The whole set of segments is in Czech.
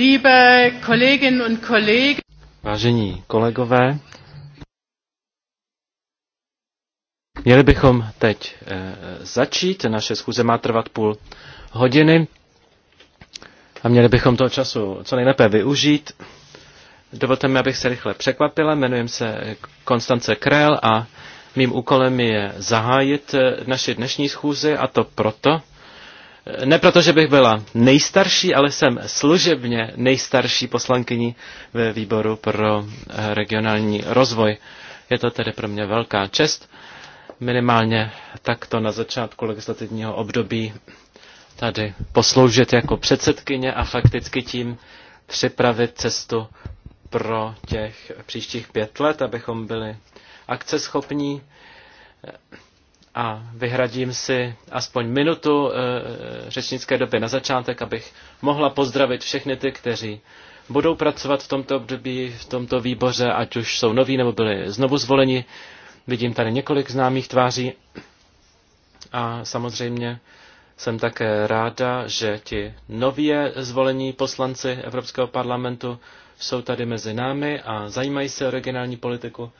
Liebe Kolleginnen und Kollegen. Vážení kolegové, měli bychom teď eh, začít. Naše schůze má trvat půl hodiny a měli bychom toho času co nejlépe využít. Dovolte mi, abych se rychle překvapila. Jmenuji se Konstance Krell a mým úkolem je zahájit eh, naše dnešní schůzi a to proto, ne proto, že bych byla nejstarší, ale jsem služebně nejstarší poslankyní ve výboru pro eh, regionální rozvoj. Je to tedy pro mě velká čest. Minimálně takto na začátku legislativního období tady posloužit jako předsedkyně a fakticky tím připravit cestu pro těch příštích pět let, abychom byli akceschopní a vyhradím si aspoň minutu e, řečnické doby na začátek, abych mohla pozdravit všechny ty, kteří budou pracovat v tomto období, v tomto výboře, ať už jsou noví nebo byli znovu zvoleni. Vidím tady několik známých tváří a samozřejmě jsem také ráda, že ti nově zvolení poslanci Evropského parlamentu jsou tady mezi námi a zajímají se o regionální politiku.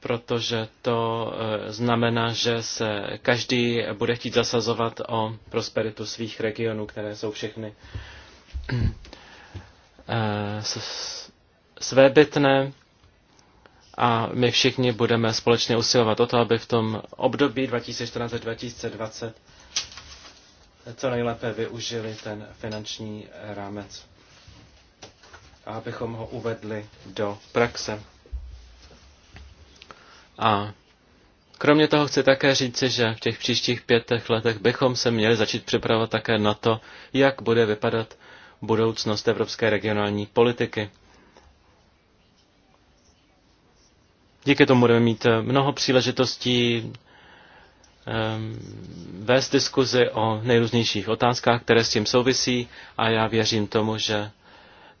protože to eh, znamená, že se každý bude chtít zasazovat o prosperitu svých regionů, které jsou všechny eh, svébytné a my všichni budeme společně usilovat o to, aby v tom období 2014-2020 co nejlépe využili ten finanční rámec a abychom ho uvedli do praxe. A kromě toho chci také říci, že v těch příštích pětech letech bychom se měli začít připravovat také na to, jak bude vypadat budoucnost evropské regionální politiky. Díky tomu budeme mít eh, mnoho příležitostí ehm, vést diskuzi o nejrůznějších otázkách, které s tím souvisí a já věřím tomu, že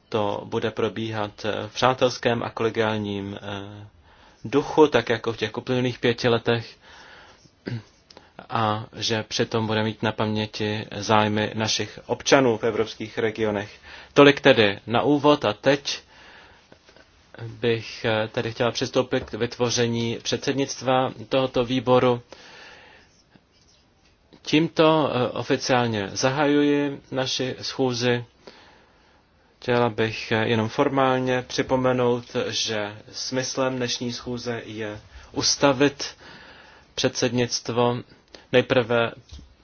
to bude probíhat eh, v přátelském a kolegiálním eh, duchu, tak jako v těch uplynulých pěti letech, a že přitom bude mít na paměti zájmy našich občanů v evropských regionech. Tolik tedy na úvod a teď bych eh, tedy chtěla přistoupit k vytvoření předsednictva tohoto výboru. Tímto eh, oficiálně zahajuji naši schůzi. Chtěla bych jenom formálně připomenout, že smyslem dnešní schůze je ustavit předsednictvo nejprve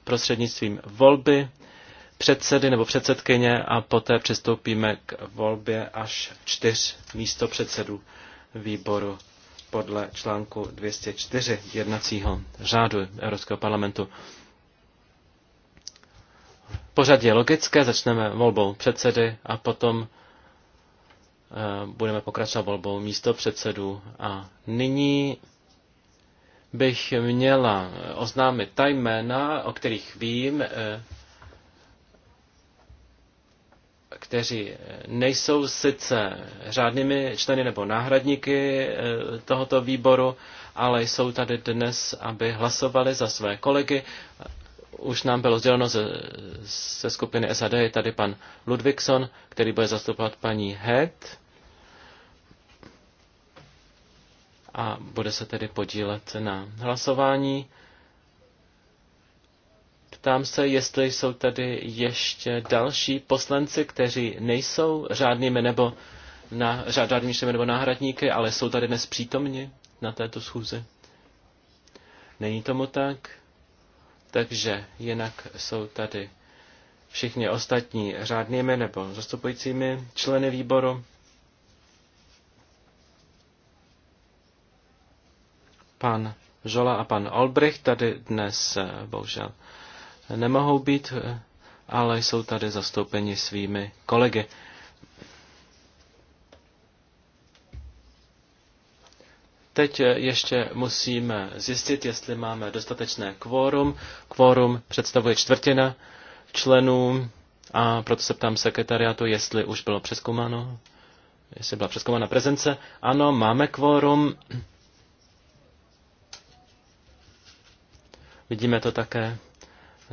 prostřednictvím volby předsedy nebo předsedkyně a poté přistoupíme k volbě až čtyř místo předsedů výboru podle článku 204 jednacího řádu Evropského parlamentu pořad je logické, začneme volbou předsedy a potom eh, budeme pokračovat volbou místo předsedů. A nyní bych měla oznámit ta jména, o kterých vím, eh, kteří nejsou sice řádnými členy nebo náhradníky eh, tohoto výboru, ale jsou tady dnes, aby hlasovali za své kolegy už nám bylo sděleno ze, ze skupiny SAD, je tady pan Ludvikson, který bude zastupovat paní Head a bude se tedy podílet na hlasování. Ptám se, jestli jsou tady ještě další poslanci, kteří nejsou řádnými nebo na, řádnými nebo náhradníky, ale jsou tady dnes přítomni na této schůzi. Není tomu tak? takže jinak jsou tady všichni ostatní řádnými nebo zastupujícími členy výboru. Pan Žola a pan Olbrich tady dnes eh, bohužel nemohou být, eh, ale jsou tady zastoupeni svými kolegy. Teď eh, ještě musíme zjistit, jestli máme dostatečné kvórum. Kvórum představuje čtvrtina členů a proto se ptám sekretariátu, jestli už bylo přeskoumáno, jestli byla přeskoumána prezence. Ano, máme kvórum. Vidíme to také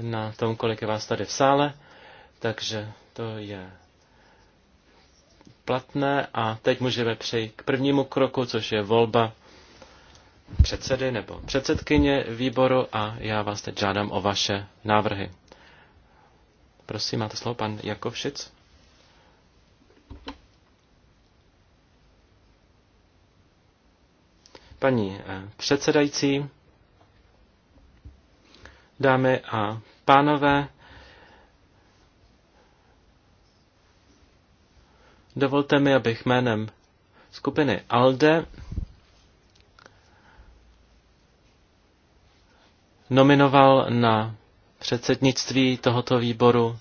na tom, kolik je vás tady v sále, takže to je platné a teď můžeme přejít k prvnímu kroku, což je volba předsedy nebo předsedkyně výboru a já vás teď žádám o vaše návrhy. Prosím, máte slovo, pan Jakovšic. Paní eh, předsedající, dámy a pánové, dovolte mi, abych jménem skupiny ALDE nominoval na předsednictví tohoto výboru.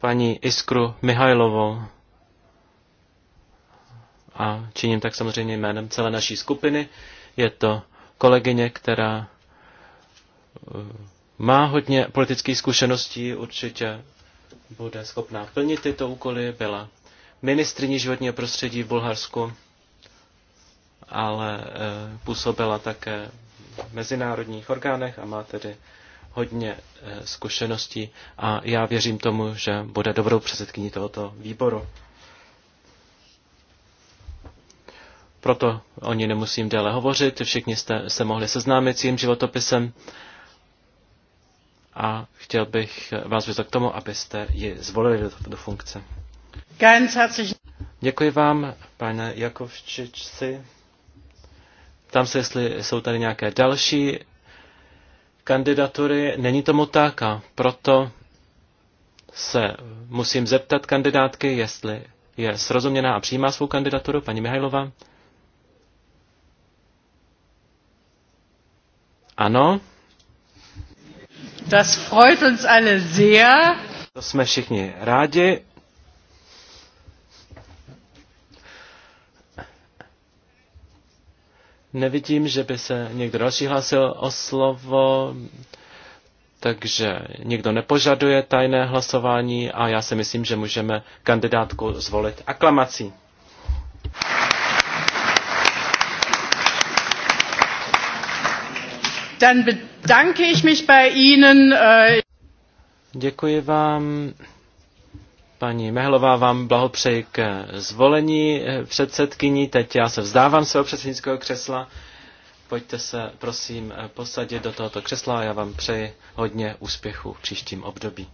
paní Iskru Mihajlovou. A činím tak samozřejmě jménem celé naší skupiny. Je to kolegyně, která eh, má hodně politických zkušeností, určitě bude schopná plnit tyto úkoly, byla ministriní životního prostředí v Bulharsku ale eh, působila také v mezinárodních orgánech a má tedy hodně eh, zkušeností a já věřím tomu, že bude dobrou předsedkyní tohoto výboru. Proto o ní nemusím déle hovořit, všichni jste se mohli seznámit s jejím životopisem a chtěl bych vás vyzvat k tomu, abyste ji zvolili do, do funkce. Děkuji vám, pane Jakovčičci. Tam se, jestli jsou tady nějaké další kandidatury. Není tomu tak a proto se musím zeptat kandidátky, jestli je srozuměná a přijímá svou kandidaturu, paní Mihajlova. Ano. Das freut uns alle sehr. To jsme všichni rádi. Nevidím, že by se někdo další hlásil o slovo, takže někdo nepožaduje tajné hlasování a já si myslím, že můžeme kandidátku zvolit aklamací. Dann bedanke ich mich bei Ihnen. Äh, Děkuji vám. Paní Mehlová, vám blahopřeji k zvolení eh, předsedkyní. Teď já se vzdávám svého předsednického křesla. Pojďte se, prosím, eh, posadit do tohoto křesla a já vám přeji hodně úspěchu v příštím období.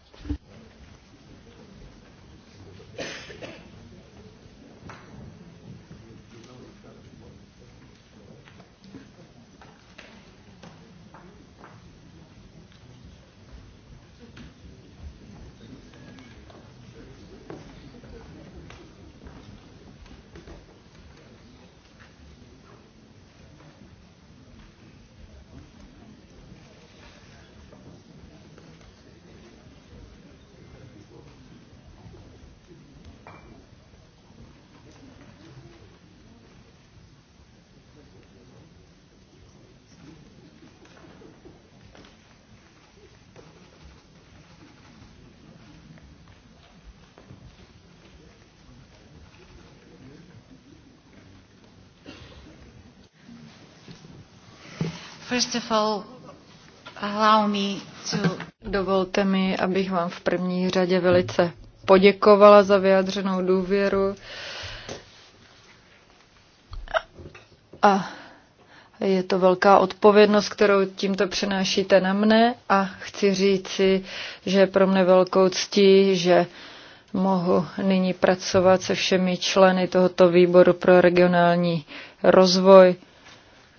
Dovolte mi, abych vám v první řadě velice poděkovala za vyjádřenou důvěru. A je to velká odpovědnost, kterou tímto přenášíte na mne a chci říci, že je pro mne velkou ctí, že mohu nyní pracovat se všemi členy tohoto výboru pro regionální rozvoj.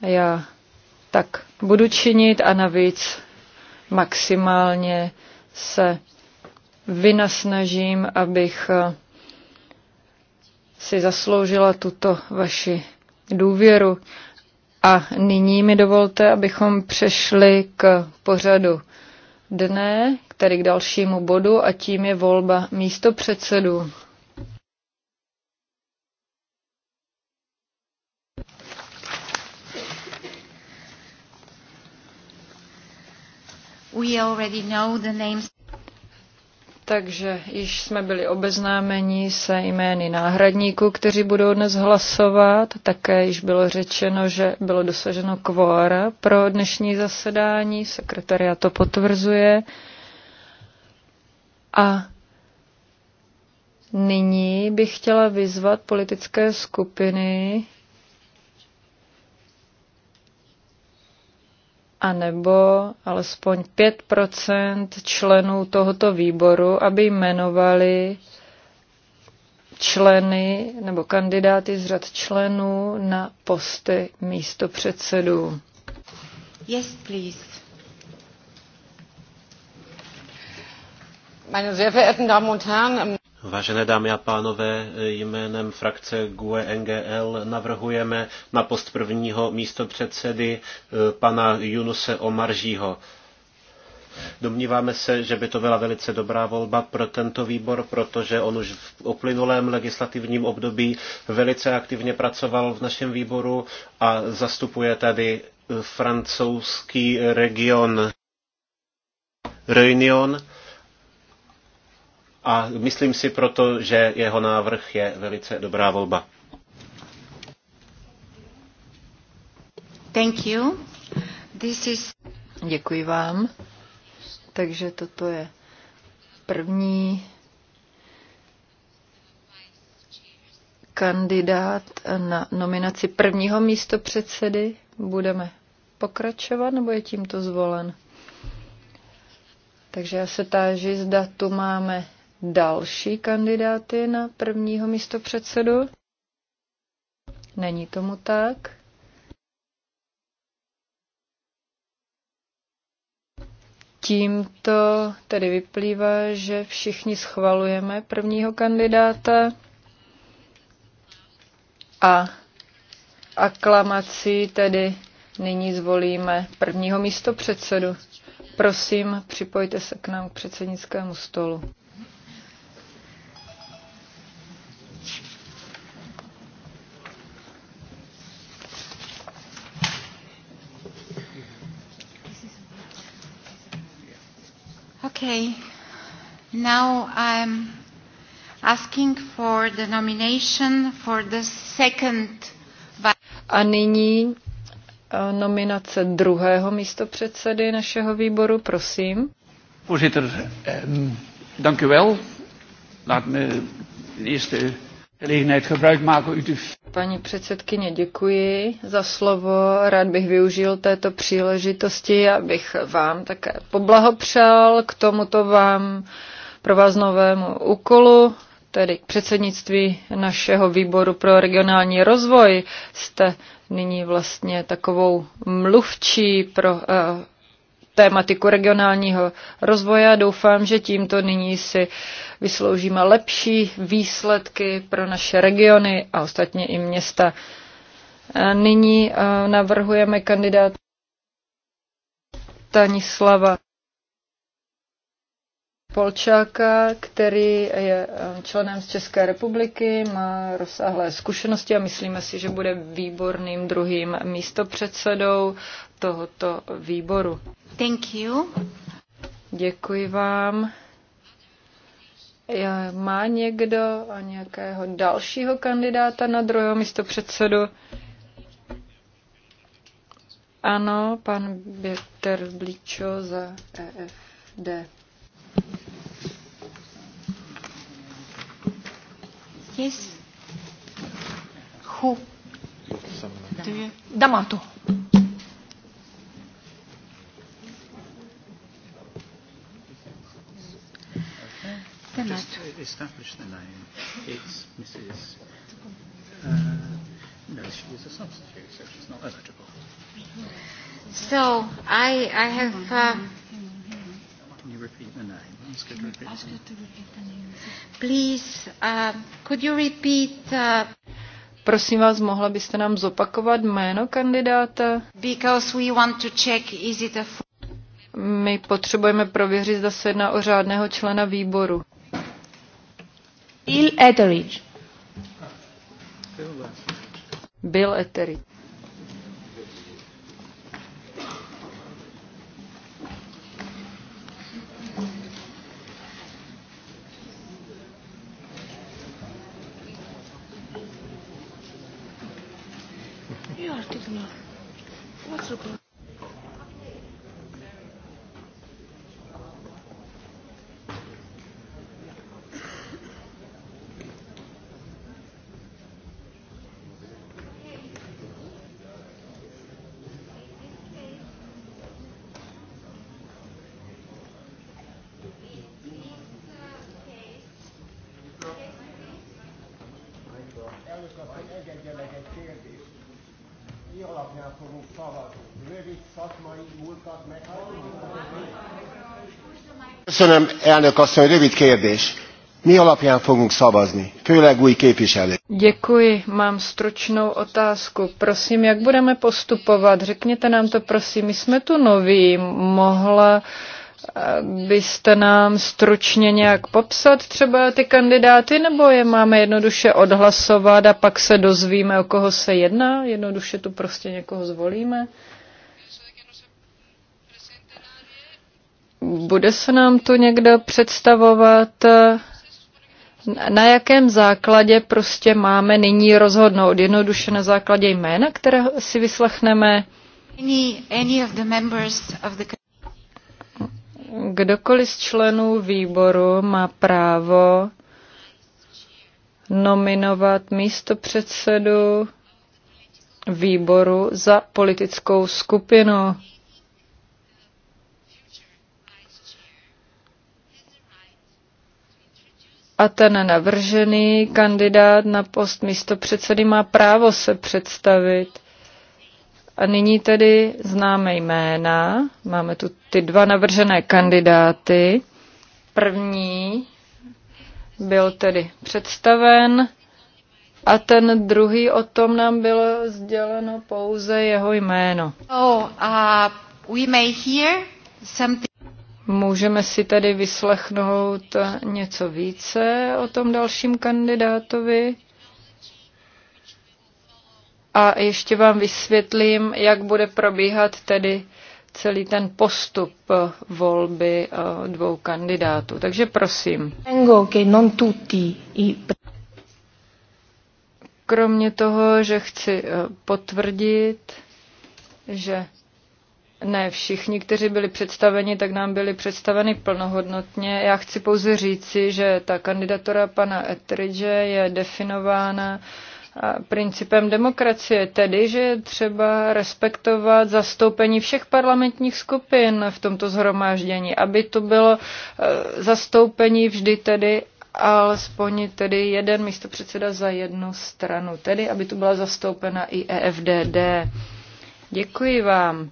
Já tak budu činit a navíc maximálně se vynasnažím, abych eh, si zasloužila tuto vaši důvěru. A nyní mi dovolte, abychom přešli k pořadu dne, který k dalšímu bodu, a tím je volba místo předsedů. Takže již jsme byli obeznámeni se jmény náhradníků, kteří budou dnes hlasovat. Také již bylo řečeno, že bylo dosaženo kvóra pro dnešní zasedání. Sekretaria to potvrzuje. A nyní bych chtěla vyzvat politické skupiny, anebo alespoň 5 členů tohoto výboru, aby jmenovali členy nebo kandidáty z řad členů na posty předsedů. Yes, please. Meine sehr verehrten Damen und Herren, Vážené dámy a pánové, jménem frakce GUE NGL navrhujeme na post prvního místopředsedy eh, pana Junuse Omaržího. Domníváme se, že by to byla velice dobrá volba pro tento výbor, protože on už v uplynulém legislativním období velice aktivně pracoval v našem výboru a zastupuje tady eh, francouzský region Réunion a myslím si proto, že jeho návrh je velice dobrá volba. Thank you. This is... Děkuji vám. Takže toto je první kandidát na nominaci prvního místo předsedy. Budeme pokračovat nebo je tímto zvolen? Takže já se táži, zda tu máme další kandidáty na prvního místo předsedu? Není tomu tak. Tímto tedy vyplývá, že všichni schvalujeme prvního kandidáta a aklamací tedy nyní zvolíme prvního místo předsedu. Prosím, připojte se k nám k předsednickému stolu. Okay. Now I'm asking for the nomination for the second A nyní eh, nominace druhého místopředsedy našeho výboru, prosím. Voorzitter, eh, dank u wel. Laat me eerst eh, Paní předsedkyně, děkuji za slovo. Rád bych využil této příležitosti, abych vám také poblahopřál k tomuto vám pro vás novému úkolu, tedy k předsednictví našeho výboru pro regionální rozvoj. Jste nyní vlastně takovou mluvčí pro eh, tématiku regionálního rozvoje. Doufám, že tímto nyní si vysloužíme lepší výsledky pro naše regiony a ostatně i města. Nyní eh, navrhujeme kandidát Stanislava Polčáka, který je eh, členem z České republiky, má rozsáhlé zkušenosti a myslíme si, že bude výborným druhým místopředsedou tohoto výboru. Thank you. Děkuji vám. Eh, má někdo a nějakého dalšího kandidáta na druhého místopředsedu? Ano, pan Běter Blíčo za EFD. Yes? Who? Do you? D'Amato. D'Amato. Just to establish the name, it's Mrs. Uh, no, she is a substitute, so she's not eligible. So I, I have. Uh, Please, uh, could you repeat, uh... Prosím vás, mohla byste nám zopakovat jméno kandidáta? Because we want to check, is it a... My potřebujeme prověřit, zda se jedná o řádného člena výboru. Bill Etheridge. Bill Etheridge. Köszönöm, elnök asszony, rövid kérdés. Mi alapján fogunk szavazni, főleg új képviselő? Děkuji, mám stručnou otázku. Prosím, jak budeme postupovat? Řekněte nám to, prosím, my jsme tu noví. Mohla eh, byste nám stručně nějak popsat třeba ty kandidáty, nebo je máme jednoduše odhlasovat a pak se dozvíme, o koho se jedná? Jednoduše tu prostě někoho zvolíme? Bude se nám to někdo představovat, na jakém základě prostě máme nyní rozhodnout? Jednoduše na základě jména, které si vyslechneme? Kdokoliv z členů výboru má právo nominovat místo předsedu výboru za politickou skupinu. a ten navržený kandidát na post místo předsedy má právo se představit. A nyní tedy známe jména. Máme tu ty dva navržené kandidáty. První byl tedy představen a ten druhý o tom nám bylo sděleno pouze jeho jméno. Oh, uh, we may hear some Můžeme si tedy vyslechnout něco více o tom dalším kandidátovi. A ještě vám vysvětlím, jak bude probíhat tedy celý ten postup volby eh, dvou kandidátů. Takže prosím. Kromě toho, že chci eh, potvrdit, že ne všichni, kteří byli představeni, tak nám byli představeni plnohodnotně. Já chci pouze říci, že ta kandidatura pana Etridge je definována principem demokracie, tedy, že je třeba respektovat zastoupení všech parlamentních skupin v tomto zhromáždění, aby to bylo e, zastoupení vždy tedy alespoň tedy jeden místopředseda za jednu stranu, tedy aby tu byla zastoupena i EFDD. Děkuji vám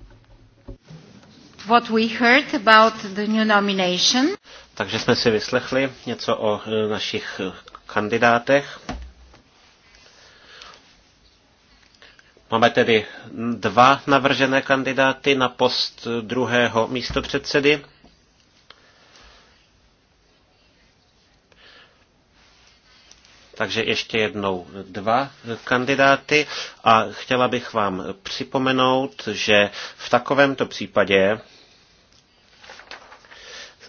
what we heard about the new nomination. Takže jsme si vyslechli něco o e, našich e, kandidátech. Máme tedy dva navržené kandidáty na post druhého místopředsedy. Takže ještě jednou dva kandidáty a chtěla bych vám připomenout, že v takovémto případě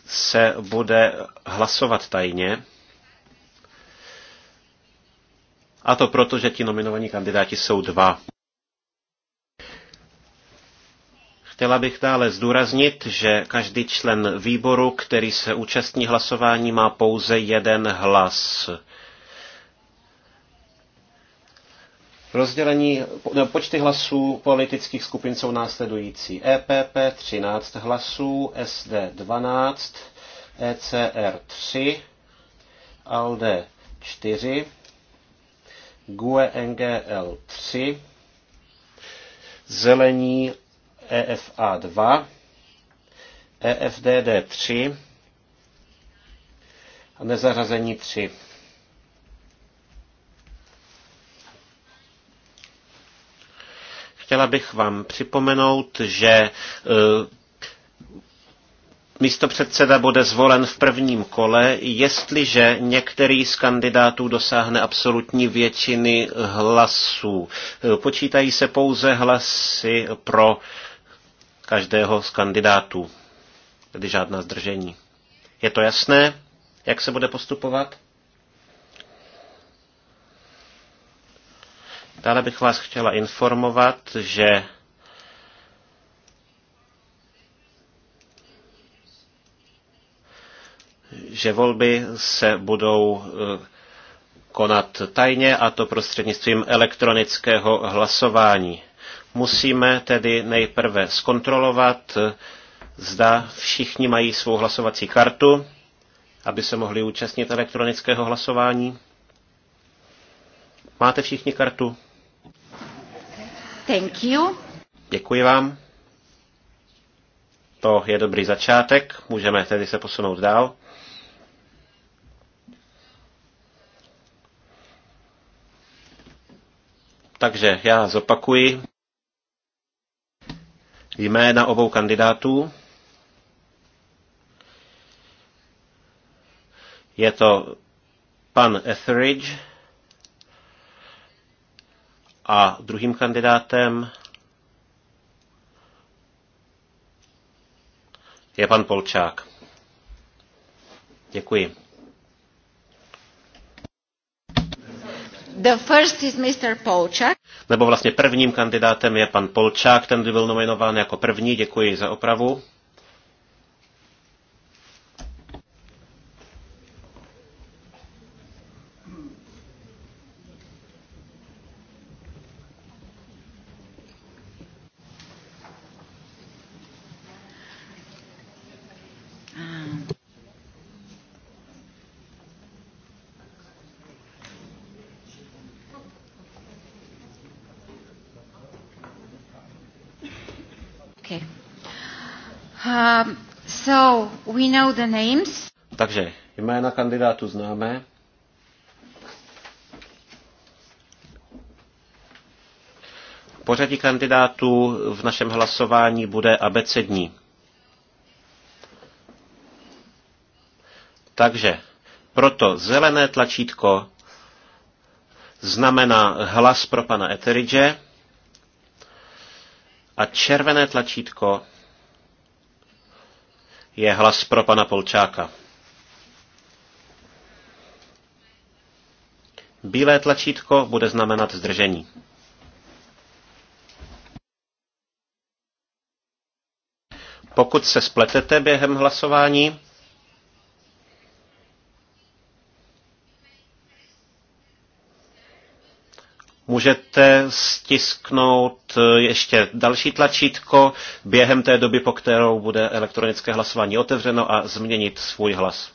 se bude hlasovat tajně. A to proto, že ti nominovaní kandidáti jsou dva. Chtěla bych dále zdůraznit, že každý člen výboru, který se účastní hlasování, má pouze jeden hlas. Rozdělení, no, počty hlasů politických skupin jsou následující. EPP 13 hlasů, SD 12, ECR 3, ALDE 4, GUE NGL 3, Zelení EFA 2, EFDD 3 a nezařazení 3. Chtěla bych vám připomenout, že e, místo předseda bude zvolen v prvním kole, jestliže některý z kandidátů dosáhne absolutní většiny hlasů. E, počítají se pouze hlasy pro každého z kandidátů, tedy žádná zdržení. Je to jasné, jak se bude postupovat? Dále bych vás chtěla informovat, že že volby se budou eh, konat tajně a to prostřednictvím elektronického hlasování. Musíme tedy nejprve zkontrolovat, eh, zda všichni mají svou hlasovací kartu, aby se mohli účastnit elektronického hlasování. Máte všichni kartu? Thank you. Děkuji vám. To je dobrý začátek, můžeme tedy se posunout dál. Takže já zopakuji jména obou kandidátů. Je to pan Etheridge, a druhým kandidátem je pan Polčák. Děkuji. The first is Mr. Polčák. Nebo vlastně prvním kandidátem je pan Polčák, ten byl nominován jako první, děkuji za opravu. We know the names. Takže jména kandidátů známe. Pořadí kandidátů v našem hlasování bude abecední. Takže proto zelené tlačítko znamená hlas pro pana Eteridge a červené tlačítko je hlas pro pana Polčáka. Bílé tlačítko bude znamenat zdržení. Pokud se spletete během hlasování, můžete stisknout eh, ještě další tlačítko během té doby, po kterou bude elektronické hlasování otevřeno a změnit svůj hlas.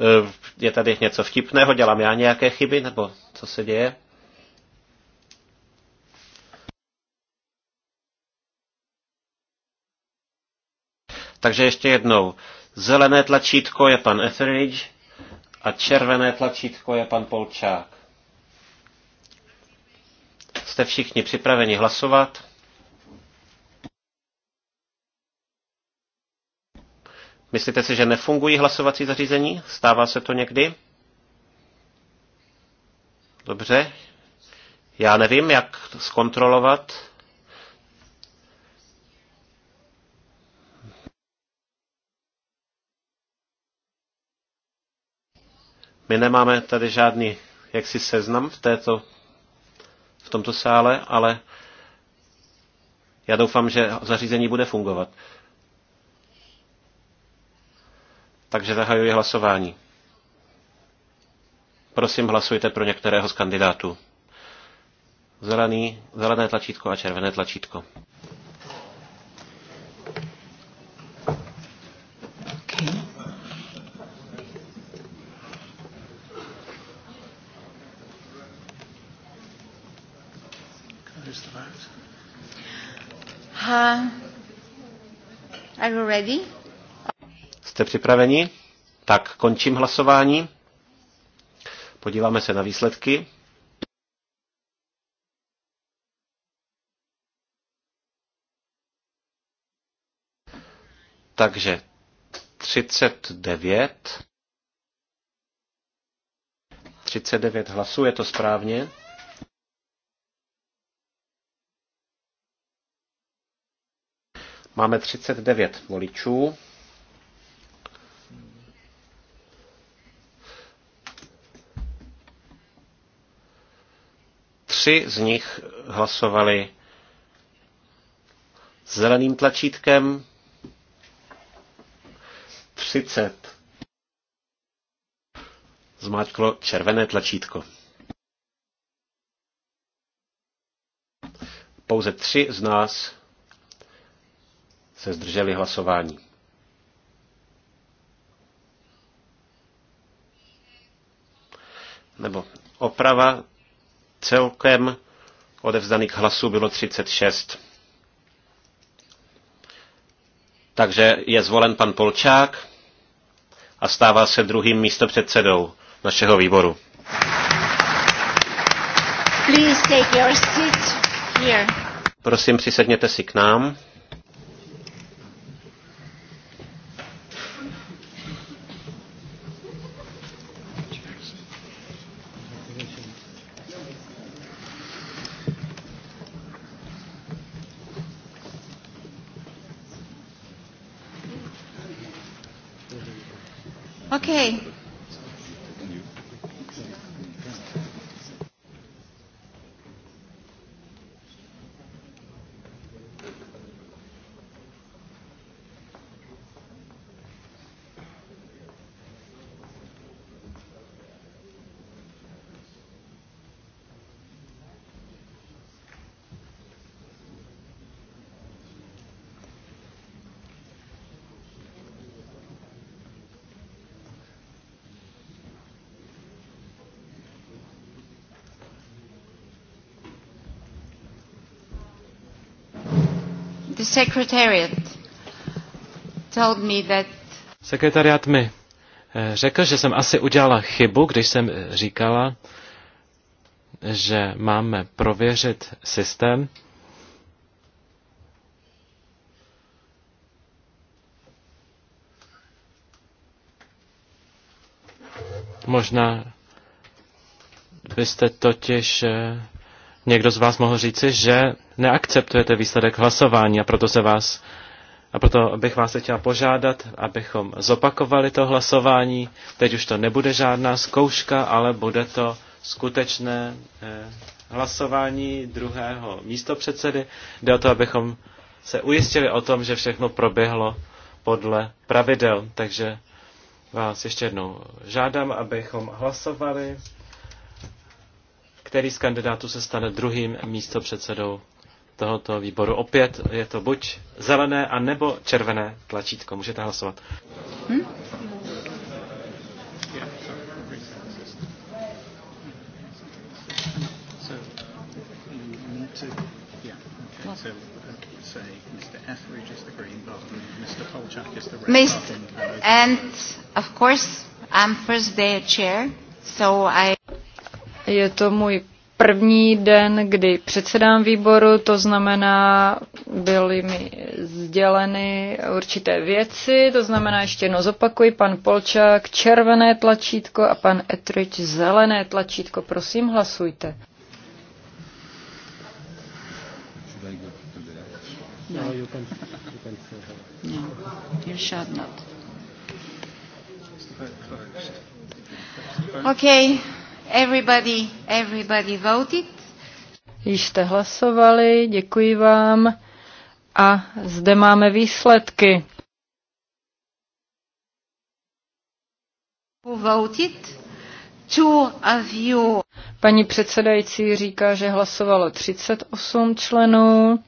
Eh, je tady něco vtipného? Dělám já nějaké chyby? Nebo co se děje? Takže ještě jednou. Zelené tlačítko je pan Etheridge. A červené tlačítko je pan Polčák. Jste všichni připraveni hlasovat? Myslíte si, že nefungují hlasovací zařízení? Stává se to někdy? Dobře. Já nevím, jak zkontrolovat. My nemáme tady žádný jaksi seznam v, této, v tomto sále, ale já doufám, že zařízení bude fungovat. Takže zahajuji hlasování. Prosím, hlasujte pro některého z kandidátů. Zelený, zelené tlačítko a červené tlačítko. ready? Jste připraveni? Tak končím hlasování. Podíváme se na výsledky. Takže 39. 39 hlasů, je to správně. Máme 39 voličů. Tři z nich hlasovali zeleným tlačítkem 30 zmáčklo červené tlačítko. Pouze tři z nás se zdrželi hlasování. Nebo oprava celkem odevzdaných hlasů bylo 36. Takže je zvolen pan Polčák a stává se druhým místopředsedou našeho výboru. Please take your seat here. Prosím, přisedněte si k nám. Sekretariat Sekretariát mi eh, řekl, že jsem asi udělala chybu, když jsem eh, říkala, že máme prověřit systém. Možná byste totiž eh, někdo z vás mohl říci, že neakceptujete výsledek hlasování a proto se vás a proto bych vás chtěla požádat, abychom zopakovali to hlasování. Teď už to nebude žádná zkouška, ale bude to skutečné eh, hlasování druhého místopředsedy. Jde o to, abychom se ujistili o tom, že všechno proběhlo podle pravidel. Takže vás ještě jednou žádám, abychom hlasovali který z kandidátů se stane druhým místopředsedou tohoto výboru. Opět je to buď zelené, a nebo červené tlačítko. Můžete hlasovat. Hm? Mr. And of course, I'm first day chair, so I. Je to můj první den, kdy předsedám výboru, to znamená, byly mi sděleny určité věci, to znamená, ještě jednou zopakuji, pan Polčák červené tlačítko a pan Etrič zelené tlačítko, prosím hlasujte. No, no, Okay. Everybody, everybody voted. Již jste hlasovali, děkuji vám. A zde máme výsledky. Who voted? Two of you. Paní předsedající říká, že hlasovalo 38 členů,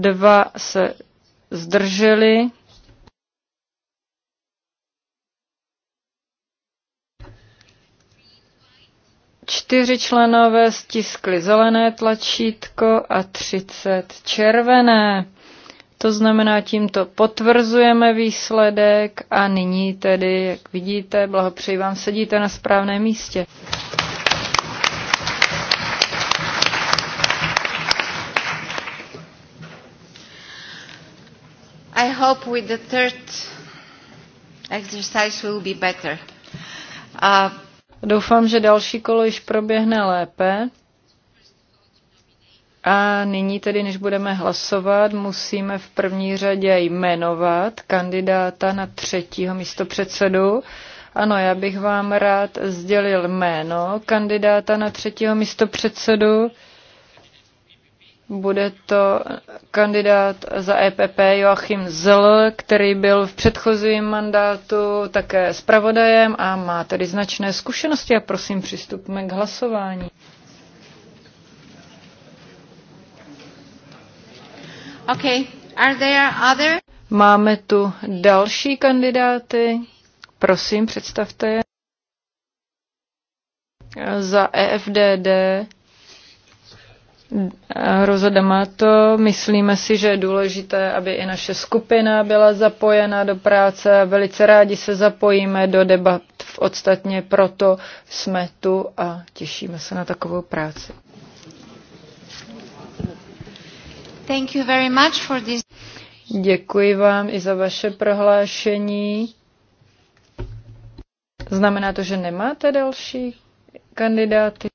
dva se zdrželi, Čtyři členové stiskli zelené tlačítko a 30 červené. To znamená, tímto potvrzujeme výsledek a nyní tedy, jak vidíte, blahopřeji vám, sedíte na správném místě. I hope with the third exercise will be better. Uh, Doufám, že další kolo již proběhne lépe. A nyní tedy, než budeme hlasovat, musíme v první řadě jmenovat kandidáta na třetího místopředsedu. Ano, já bych vám rád sdělil jméno kandidáta na třetího místopředsedu. Bude to kandidát za EPP Joachim Zl, který byl v předchozím mandátu také zpravodajem a má tedy značné zkušenosti a prosím přistupme k hlasování. Okay. Are there other? Máme tu další kandidáty. Prosím, představte je. Za EFDD má to. Myslíme si, že je důležité, aby i naše skupina byla zapojena do práce. Velice rádi se zapojíme do debat. V Ostatně proto jsme tu a těšíme se na takovou práci. Thank you very much for this. Děkuji vám i za vaše prohlášení. Znamená to, že nemáte další kandidáty?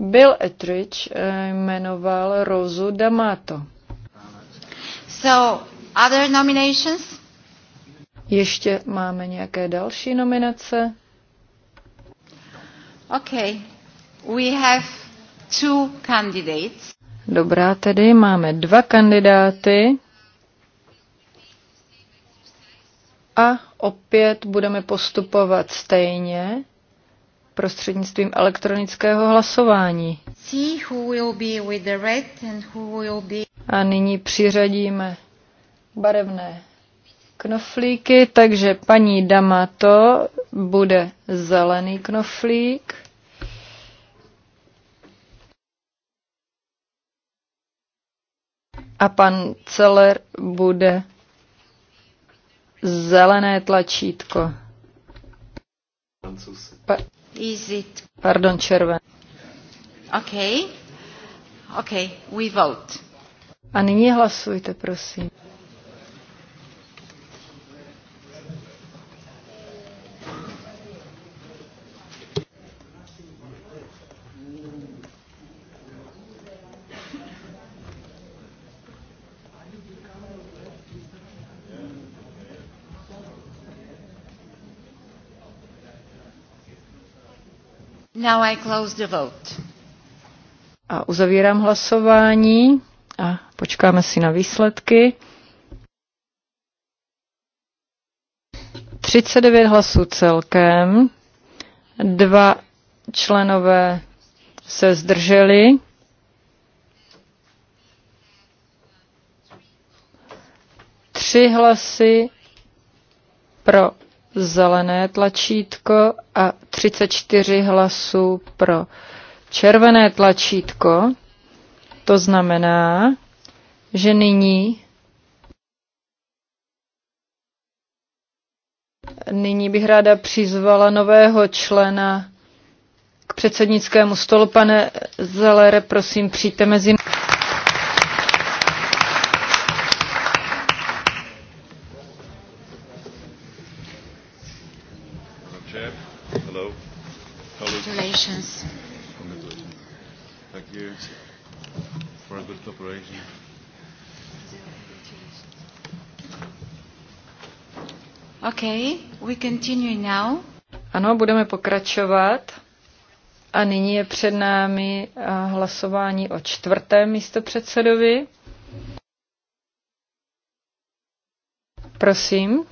Bill Ettridge eh, jmenoval Rosu D'Amato. So, other nominations? Ještě máme nějaké další nominace? Okay. We have two candidates. Dobrá, tedy máme dva kandidáty. A opět budeme postupovat stejně prostřednictvím elektronického hlasování. A nyní přiřadíme barevné knoflíky, takže paní Damato bude zelený knoflík. A pan Celer bude zelené tlačítko. Pa- Is it... Pardon, červen. OK. OK, we vote. A nyní hlasujte, prosím. Now I close the vote. A uzavírám hlasování a počkáme si na výsledky. 39 hlasů celkem, dva členové se zdrželi, tři hlasy pro zelené tlačítko a 34 hlasů pro červené tlačítko. To znamená, že nyní Nyní bych ráda přizvala nového člena k předsednickému stolu. Pane Zelere, prosím, přijďte mezi continue now. Ano, budeme pokračovat. A nyní je před námi eh, hlasování o čtvrtém místopředsedovi. Prosím.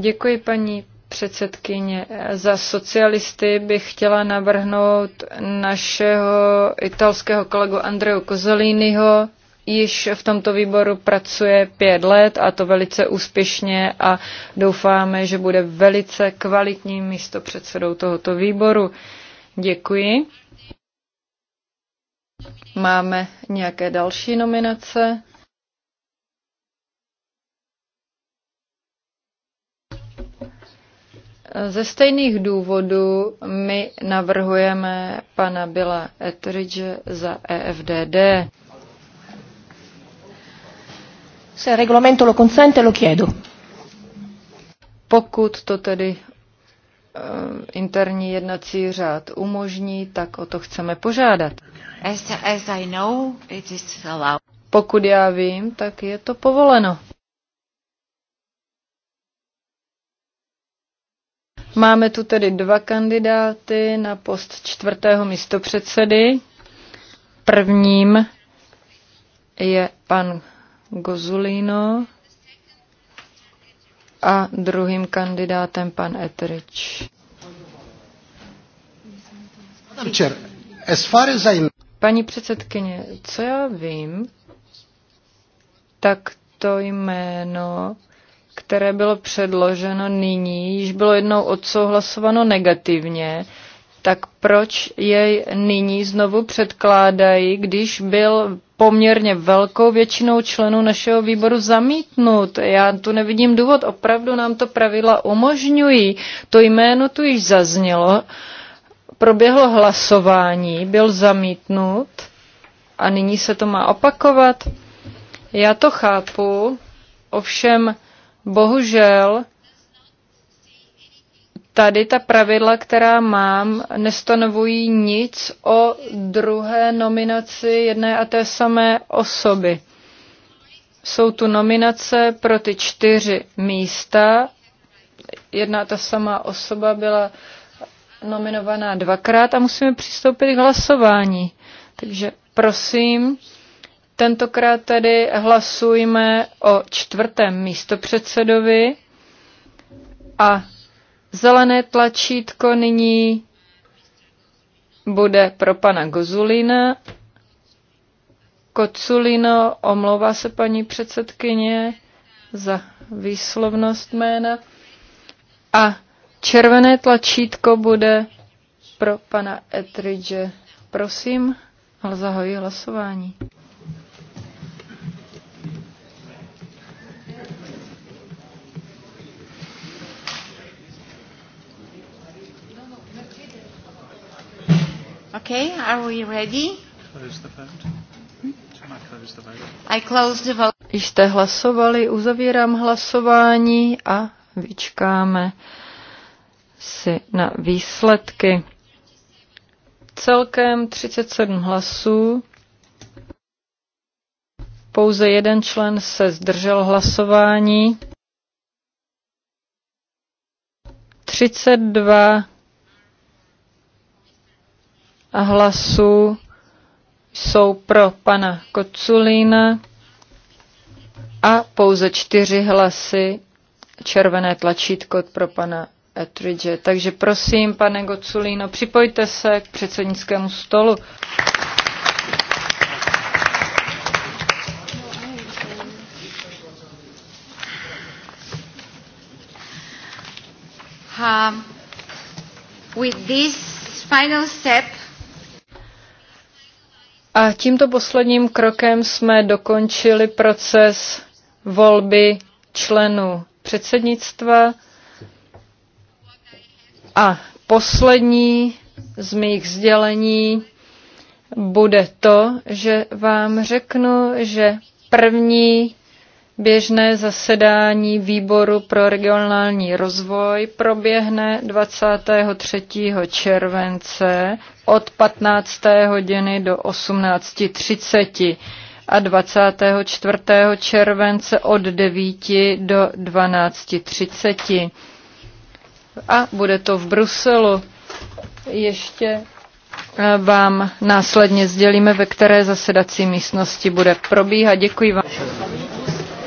Děkuji, paní předsedkyně. Za socialisty bych chtěla navrhnout našeho italského kolegu Andreu Kozolínyho již v tomto výboru pracuje pět let a to velice úspěšně a doufáme, že bude velice kvalitním místopředsedou tohoto výboru. Děkuji. Máme nějaké další nominace? Ze stejných důvodů my navrhujeme pana Bila Etridge za EFDD. Se lo consente, lo chiedo. Pokud to tedy eh, interní jednací řád umožní, tak o to chceme požádat. As, as I know, it is allowed. Pokud já vím, tak je to povoleno. Máme tu tedy dva kandidáty na post čtvrtého místopředsedy. Prvním je pan Gozulino a druhým kandidátem pan Etrič. Paní předsedkyně, co já vím, tak to jméno, které bylo předloženo nyní, již bylo jednou odsouhlasováno negativně tak proč jej nyní znovu předkládají, když byl poměrně velkou většinou členů našeho výboru zamítnut. Já tu nevidím důvod, opravdu nám to pravidla umožňují. To jméno tu již zaznělo, proběhlo hlasování, byl zamítnut a nyní se to má opakovat. Já to chápu, ovšem bohužel tady ta pravidla, která mám, nestanovují nic o druhé nominaci jedné a té samé osoby. Jsou tu nominace pro ty čtyři místa. Jedna ta samá osoba byla nominovaná dvakrát a musíme přistoupit k hlasování. Takže prosím, tentokrát tedy hlasujme o čtvrtém místopředsedovi a Zelené tlačítko nyní bude pro pana Gozulina. Koculino, omlouvá se paní předsedkyně za výslovnost jména. A červené tlačítko bude pro pana Etridge. Prosím, ale zahojí hlasování. Are we ready? Close the vote. jste hlasovali, uzavírám hlasování a vyčkáme si na výsledky. Celkem 37 hlasů. Pouze jeden člen se zdržel hlasování. 32 hlasů jsou pro pana Koculína a pouze čtyři hlasy červené tlačítko pro pana Etridge. Takže prosím, pane Goculíno, připojte se k předsednickému stolu. Um, with this final step a tímto posledním krokem jsme dokončili proces volby členů předsednictva. A poslední z mých sdělení bude to, že vám řeknu, že první Běžné zasedání výboru pro regionální rozvoj proběhne 23. července od 15. hodiny do 18.30 a 24. července od 9 do 12.30. A bude to v Bruselu. Ještě eh, vám následně sdělíme, ve které zasedací místnosti bude probíhat. Děkuji vám.